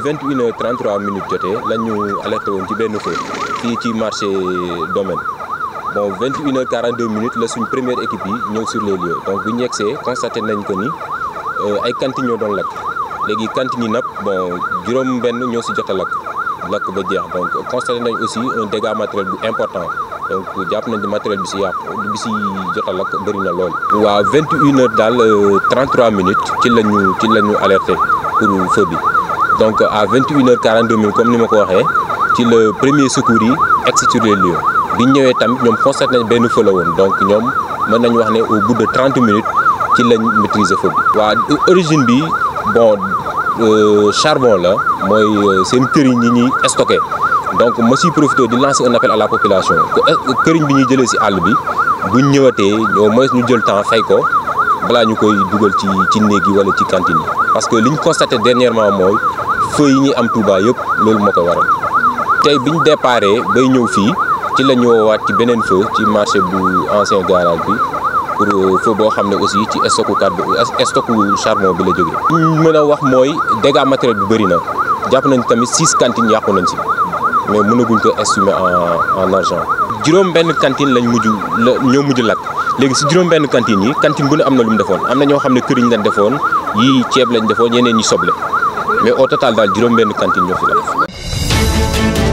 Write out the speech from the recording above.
21 h 33 minutes joté la alerté woon ci benn feu ci ci marché domaine bon 21 h 42 minutes la première équipe yi ñëw sur les lieux donc bu ñexé constaté nañ ko ni euh, ay cantines ñoo doon lak légui cantines nap bon juroom benn ñoo ci jot lak ba jeex donc constaté nañ aussi un dégât matériel bu important donc japp nañ matériel bi ci yàq bi ci jot a lakk na lool. wa 21 h 33 minutes ci lañu ci lañu alerté pour feu bi donc à 21h42 comme ni mako waxé le premier secours yi les bi constaté donc nous avons wax au bout de 30 minutes ci lañ maîtriser feu wa origine bi bon euh, charbon la euh, donc ma suis profité di lancer un appel à la population que nous euh, bi bi temps fay ko. nous ñukoy ci parce que nous constaté dernièrement feu yi ñuy am Touba yëpp loolu moo ko waral tey bi ñu déparé bay ñëw fii ci la ñu woowaat ci beneen feu ci marché bu ancien garage bi pour euh, feu boo xam ne aussi ci stocku carbone stocku charbon bi la jógee. li ñu mën a wax mooy dégâts matériels bu bëri na jàpp nañ tamit six cantines yàqu nañ si mais mënaguñ ko estimer en en argent. juróom benn cantine lañ mujj la ñoo mujj lakk léegi si juróom benn cantine yi cantine bu ne am na lu mu defoon am na ñoo xam ne këriñ lañ defoon yii ceeb lañ defoon yeneen ñi soble. mais au total daal juróom-benn cantine ñoo fi def.